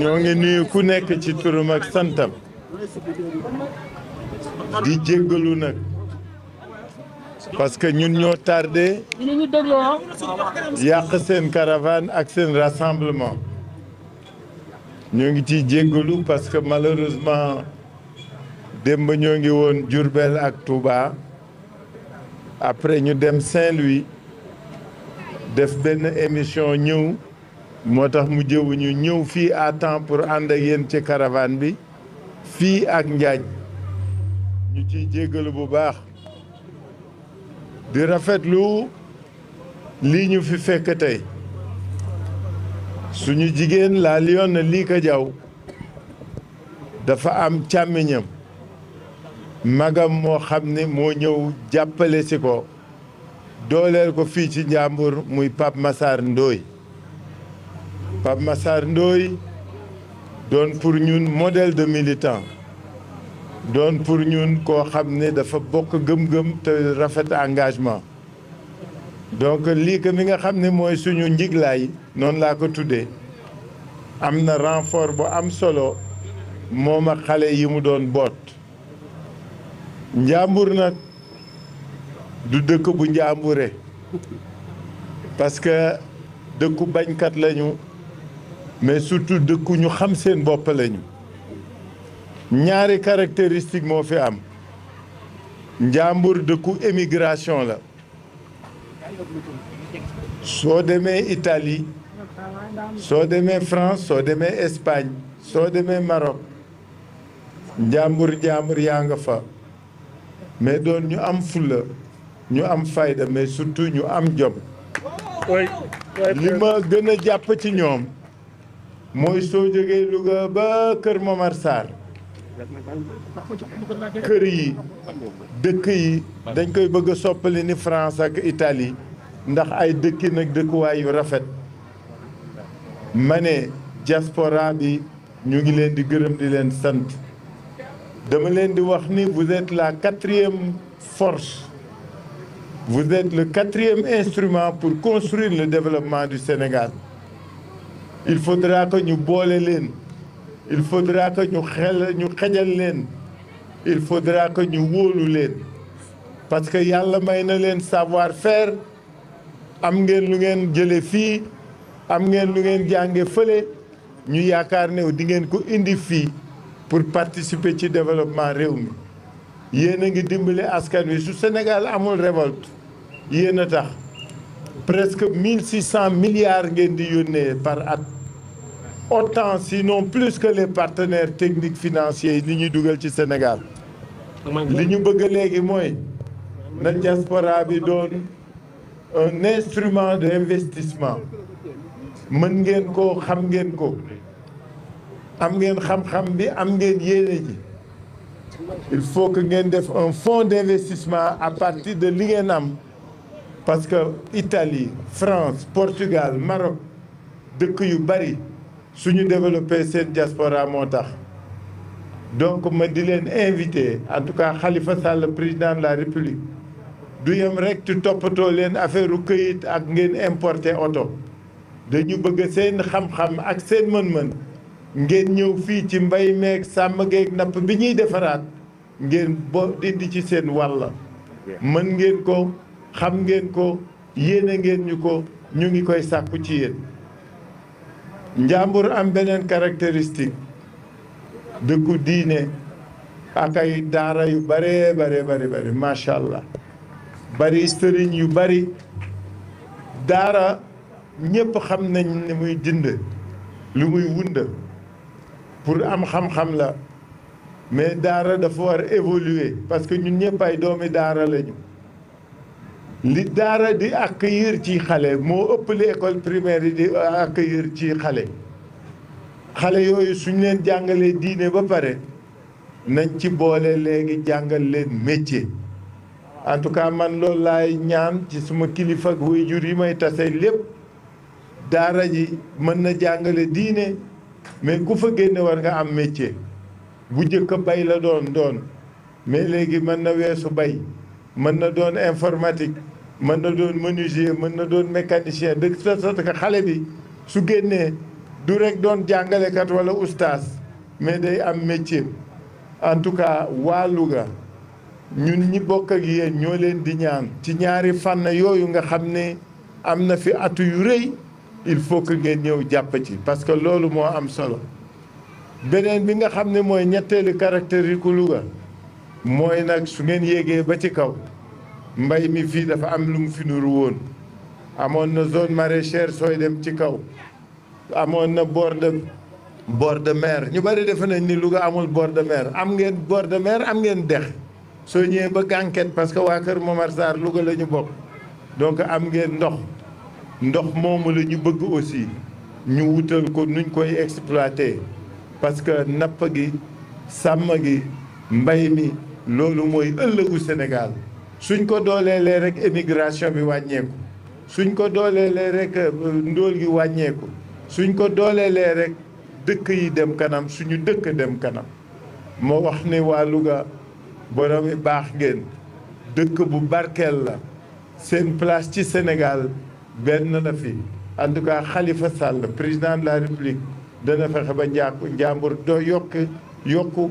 ñoo ngi nuyu ku nekk ci turam ak santam di jéggalu nag parce que ñun ñoo tardé yàq seen caravan ak seen rassemblement ñoo ngi ciy jéggalu parce que malheureusement démb ñoo ngi woon Diourbel ak Touba après ñu dem saint def benn émission ñëw moo tax mu jëwuñu ñëw fii à temps pour ànd ak yéen ci caravane bi fii ak njaañ ñu ciy jéggalu bu baax di rafetlu lii ñu fi fekk tey suñu jigéen la Léona Lika Diaw dafa am càmmiñam magam moo xam ne moo ñëw jàppale si ko dooleel ko fii ci njàmbur muy Pape masaar Ndoye Pape Massar Ndoye doon pour ñun modèle de militant doon pour ñun koo xam ne dafa bokk gëm-gëm te rafet engagement donc lii que mi nga xam ne mooy suñu njiglaay noonu laa ko tuddee am na renfort bu am solo moom ak xale yi mu doon boot njàmbur nag du dëkk bu njàmbure parce que dëkku bañkat lañu mais surtout dëkku ñu xam seen bopp lañu ñaari caractéristique moo fi am njàmbur dëkku émigration la soo demee itali soo demee France soo demee Espagne soo demee Maroc njàmbur njàmbur yaa nga fa mais doon ñu am fulla ñu am fayda mais surtout ñu am jom lima gën a jàpp ci ñoom mooy soo jógee Louga ba Kër Momar Sarr kër yi dëkk yi dañ koy bëgg a soppali ni France ak Italie ndax ay dëkki nag dëkkuwaay yu rafet ma ne diaspora bi ñu ngi leen di gërëm di leen sant dama leen di wax ni vous la quatrième force vous êtes le quatrième instrument pour construire le développement du Sénégal il faudra que ñu boole leen il faudra que ñu xel ñu xejal leen il faudra que ñu wóolu leen parce que yàlla may na leen savoir faire am ngeen lu ngeen jële fii am ngeen lu ngeen jànge fële ñu yaakaar ne di ngeen ko indi fii pour participer ci développement réew mi yéen a ngi dimbale askan wi su Sénégal amul révolte yéen a tax presque mille six cent milliards ngeen di yónnee par at autant sinon plus que les partenaires techniques financiers yi li ñuy dugal ci Sénégal li ñu bëgg léegi mooy na diaspora bi doon un instrument d'investissement mën ngeen ko xam ngeen ko am ngeen xam-xam bi am ngeen yéene ji il faut que ngeen def un fonds d'investissement à partir de li ngeen am parce que Italie France Portugal Maroc dëkk yu bari suñu développé seen diaspora moo tax donc ma di leen invité en tout cas Khalifa Sall la République du yem rek ci toppatoo leen affaire këyit ak ngeen importer oto dañu bëgg seen xam-xam ak seen mën-mën ngeen ñëw fii ci mbay meeg sàmm geeg napp bi ñuy defaraat ngeen bo dindi ci seen wàll mën ngeen ko xam ngeen ko yéene ngeen ñu ko ñu ngi koy sàkku ci yéen njàmbur am beneen caractéristique dëkku diine ak daara yu bare bare bare bare macha allah bari sëriñ yu bari daara ñëpp xam nañ ni muy dind lu muy wunda pour am xam-xam la mais daara dafa war évoluer parce que ñun ñëpp ay doomi daara lañu li daara di ak accueillir ci xale moo ëpp li école yi di accueillir ci xale xale yooyu suñ leen jàngalee diine ba pare nañ ci boole léegi jàngal leen métier en tout cas man loolu laay ñaan ci suma kilifa ak waajur yi may tase lépp daara ji mën na jàngale diine mais ku fa génne war nga am métier bu njëkk bay la doon doon mais léegi mën na weesu bay mën na doon informatique mën na doon menuisier mën na doon mécanicien de telle sorte que xale bi su génnee du rek doon jàngalekat wala ustaas mais day am métier en tout cas waa Louga ñun ñi bokk ak yéen ñoo leen di ñaan ci ñaari fànn yooyu nga xam ne am na fi atu yu rëy il faut que ngeen ñëw jàpp ci parce que loolu moo am solo beneen bi nga xam ne mooy ñetteelu caractère yi ku Louga mooy nag su ngeen yéegee ba ci kaw mbay mi fii dafa am lu mu fi nuru woon amoon na zone maraîchère sooy dem ci kaw amoon na bord de de mer ñu bari defe nañ ni Louga amul bord de am ngeen bord de am ngeen dex soo ñëwee ba Kankéne parce que waa Kër Momar Sarr Louga la ñu bokk donc am ngeen ndox ndox moomu la ñu bëgg aussi ñu wutal ko nuñ koy exploiter parce que napp gi sàmm gi mbay mi loolu mooy ëllëgu Sénégal suñ ko dooleelee rek émigration bi wàññeeku suñ ko dooleelee rek euh, ndóol gi wàññeeku suñ ko dooleelee rek dëkk yi dem kanam suñu dëkk dem kanam moo wax ne waa Louga boromi baax ngeen dëkk bu barkeel la seen place ci Sénégal benn la fi en tout cas Khalifa Sall président la République dana fexe ba njàkku njàmbur doo yokk yokku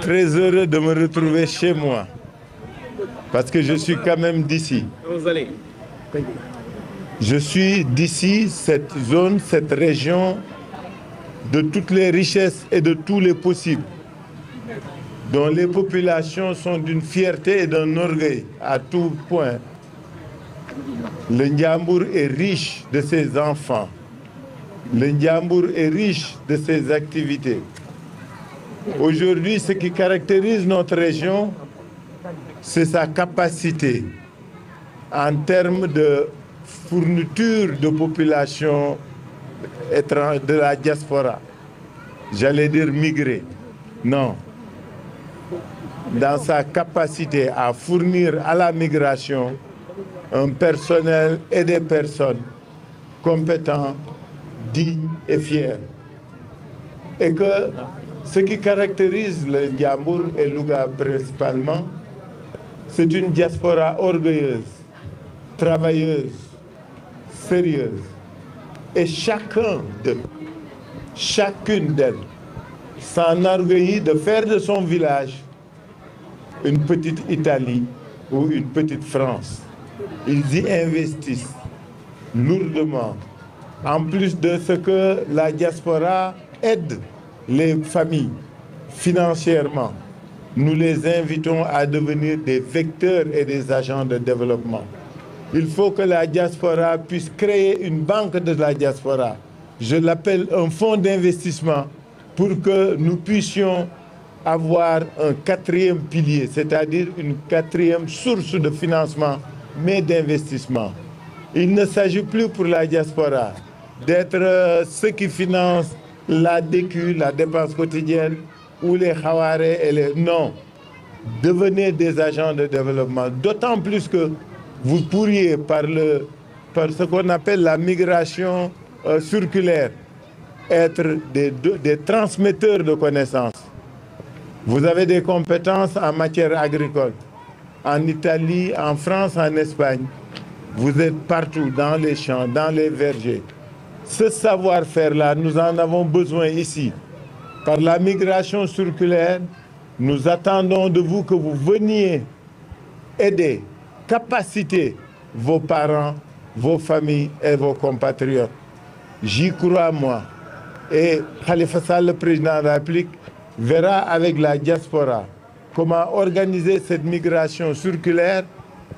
Très heureux de me retrouver chez moi, parce que je suis quand même d'ici. Je suis d'ici, cette zone, cette région, de toutes les richesses et de tous les possibles, dont les populations sont d'une fierté et d'un orgueil à tout point. Le Ndiambour est riche de ses enfants. Le Ndiambour est riche de ses activités. Aujourd'hui, ce qui caractérise notre région, c'est sa capacité en termes de fourniture de population de la diaspora. J'allais dire migré Non. Dans sa capacité à fournir à la migration un personnel et des personnes compétents, dignes et fiers. Et que Ce qui caractérise le Ndiambour et Louga principalement, c'est une diaspora orgueilleuse, travailleuse, sérieuse. Et chacun d'eux, chacune d'elles, s'enorgueillit de faire de son village une petite Italie ou une petite France. Ils y investissent lourdement, en plus de ce que la diaspora aide les familles financièrement, nous les invitons à devenir des vecteurs et des agents de développement. Il faut que la diaspora puisse créer une banque de la diaspora. Je l'appelle un fonds d'investissement pour que nous puissions avoir un quatrième pilier, c'est-à-dire une quatrième source de financement, mais d'investissement. Il ne s'agit plus pour la diaspora d'être euh, ceux qui financent la DQ, la dépense quotidienne ou les Hawaré et les... Non, devenez des agents de développement. D'autant plus que vous pourriez, par, le, par ce qu'on appelle la migration euh, circulaire, être des, des transmetteurs de connaissances. Vous avez des compétences en matière agricole. En Italie, en France, en Espagne, vous êtes partout, dans les champs, dans les vergers. Ce savoir-faire-là, nous en avons besoin ici. Par la migration circulaire, nous attendons de vous que vous veniez aider, capaciter vos parents, vos familles et vos compatriotes. J'y crois, moi. Et Khalifa Sall, le président de la République, verra avec la diaspora comment organiser cette migration circulaire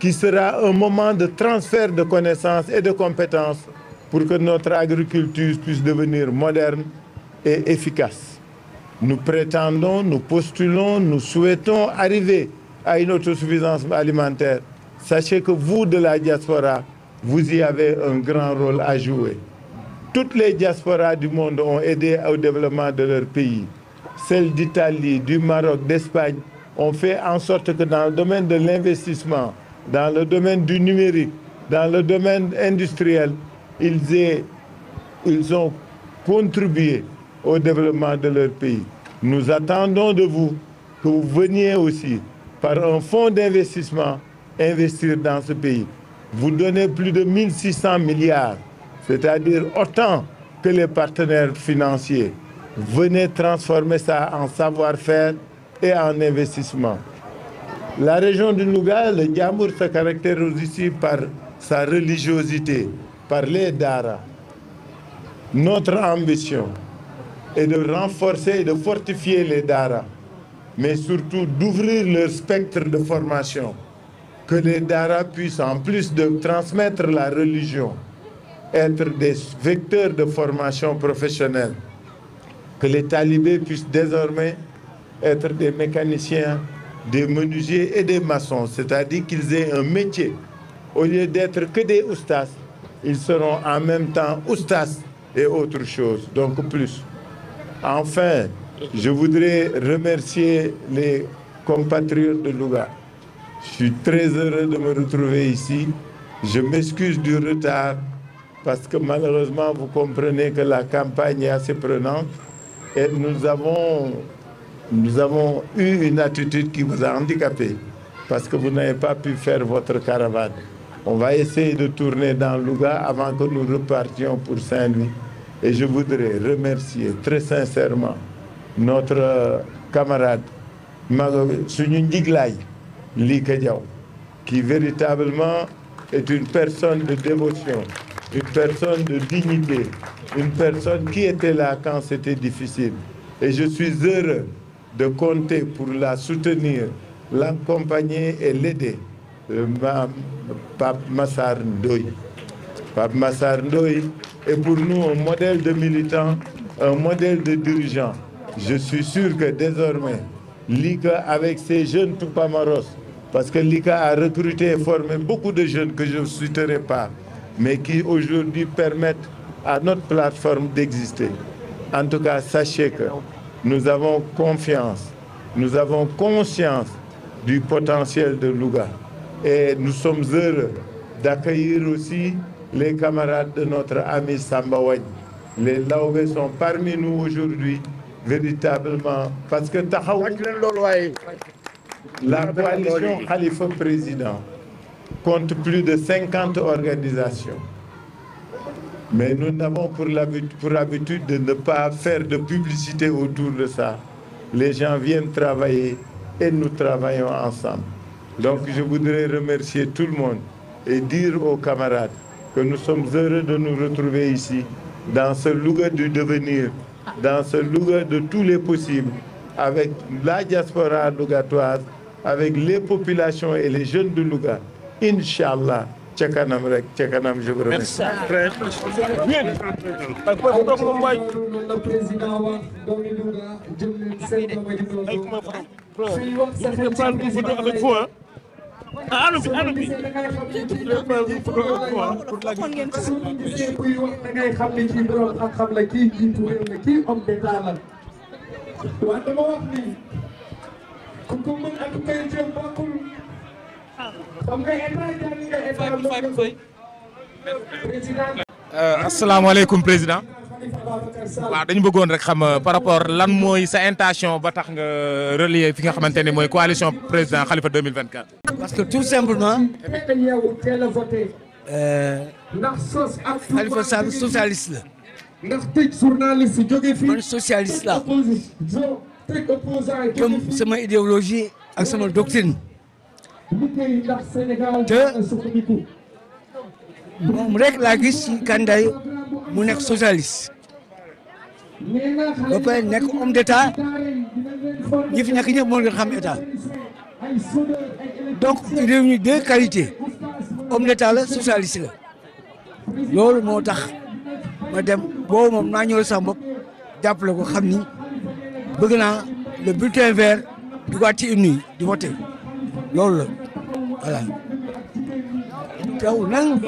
qui sera un moment de transfert de connaissances et de compétences pour que notre agriculture puisse devenir moderne et efficace. Nous prétendons, nous postulons, nous souhaitons arriver à une autosuffisance alimentaire. Sachez que vous de la diaspora, vous y avez un grand rôle à jouer. Toutes les diasporas du monde ont aidé au développement de leur pays. Celles d'Italie, du Maroc, d'Espagne ont fait en sorte que dans le domaine de l'investissement, dans le domaine du numérique, dans le domaine industriel, ils, aient, ils ont contribué au développement de leur pays. Nous attendons de vous que vous veniez aussi par un fonds d'investissement investir dans ce pays. Vous donnez plus de 1600 milliards, c'est-à-dire autant que les partenaires financiers. Venez transformer ça en savoir-faire et en investissement. La région du Louga, le Diamour, se caractérise aussi par sa religiosité. par les daara notre ambition est de renforcer et de fortifier les daara mais surtout d'ouvrir leur spectre de formation que les daara puissent en plus de transmettre la religion être des vecteurs de formation professionnelle que les talibés puissent désormais être des mécaniciens des menuisiers et des maçons c'est-à-dire qu'ils aient un métier au lieu d'être que des oustas ils seront en même temps oustas et autre chose, donc plus. Enfin, je voudrais remercier les compatriotes de Louga. Je suis très heureux de me retrouver ici. Je m'excuse du retard parce que malheureusement, vous comprenez que la campagne est assez prenante et nous avons, nous avons eu une attitude qui vous a handicapé parce que vous n'avez pas pu faire votre caravane. On va essayer de tourner dans Louga avant que nous repartions pour Saint-Louis. Et je voudrais remercier très sincèrement notre euh, camarade Suñu Ndiglaay Lika Diaw qui véritablement est une personne de dévotion, une personne de dignité, une personne qui était là quand c'était difficile. Et je suis heureux de compter pour la soutenir, l'accompagner et l'aider. maam Pape Massar Ndoye. Pape Massar Ndoye est pour nous un modèle de militant, un modèle de dirigeant. Je suis sûr que désormais, l'ICA avec ses jeunes Tupamaros, parce que l'ICA a recruté et formé beaucoup de jeunes que je ne citerai pas, mais qui aujourd'hui permettent à notre plateforme d'exister. En tout cas, sachez que nous avons confiance, nous avons conscience du potentiel de Louga. Et nous sommes heureux d'accueillir aussi les camarades de notre ami Samba Wagne. Les Laobés sont parmi nous aujourd'hui, véritablement, parce que Tahaou, la coalition Khalifa Président, compte plus de cinquante organisations. Mais nous n'avons pour l'habitude de ne pas faire de publicité autour de ça. Les gens viennent travailler et nous travaillons ensemble. Donc je voudrais remercier tout le monde et dire aux camarades que nous sommes heureux de nous retrouver ici, dans ce lugar du de tous les possibles, avec la diaspora lougatoise, avec les populations et les jeunes de Louga. Inch'Allah. ca kanam rek ca je vous remercie. la président wax doomi Louga ah allo bi allo bi. waxoon ngeen ko. kuy wax da ngay xam ne kii borom xam-xam la kii jiitu réew la kii homme d'état la. waaw dama wax ni. ku ko mën ak kay jëm bokkul. xam nga état jàng nga état. président. Euh, asalaamaaleykum président. waaw dañu bëggoon rek xam euh, par rapport lan mooy sa intention ba tax nga euh, relier fi nga xamante ne mooy coalition président Khalifa 2024. parce que tout simplement. Euh, Khalifa Sall socialiste la. ndax tëj journaliste jóge fii. man comme sama idéologie ak sama doctrine. te moom rek laa gis ci mu nekk socialiste ba pare nekk homme d'état ñi fi nekk ñëpp moo ngi xam état donc il réunit deux qualités homme d'état la socialiste la loolu moo tax ma dem boobu moom naa ñëw sama bopp jàppale ko xam ni bëgg naa le bulletin vert dugaat ci urne di voter loolu la donc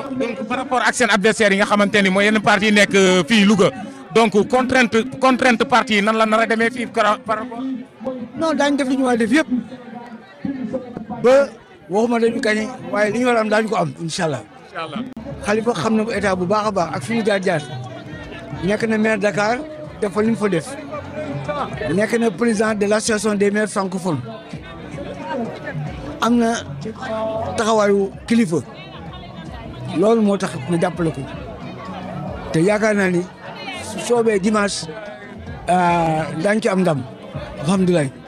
par rapport ak seen adversaire yi nga xamante ni mooy yenn parti yi nekk euh, fii Louga donc contrainte contrainte parti yi nan la nar a demee fii par rapport. non daañu def li ñu war def yëpp ba waxuma dañu kañ waaye li ñu war a am daañu ko am incha allah. incha allah xam na bu état bu baax a baax ak fi mu jaar jaar nekk na maire Dakar def fa li mu fa def nekk na président de l'association des maires francophones am na taxawaayu kilifa. loolu moo tax ñu jàppale ko te yaakaar naa ni soobee soobee dimanche euh, daañu ci am ndam alhamdulilah.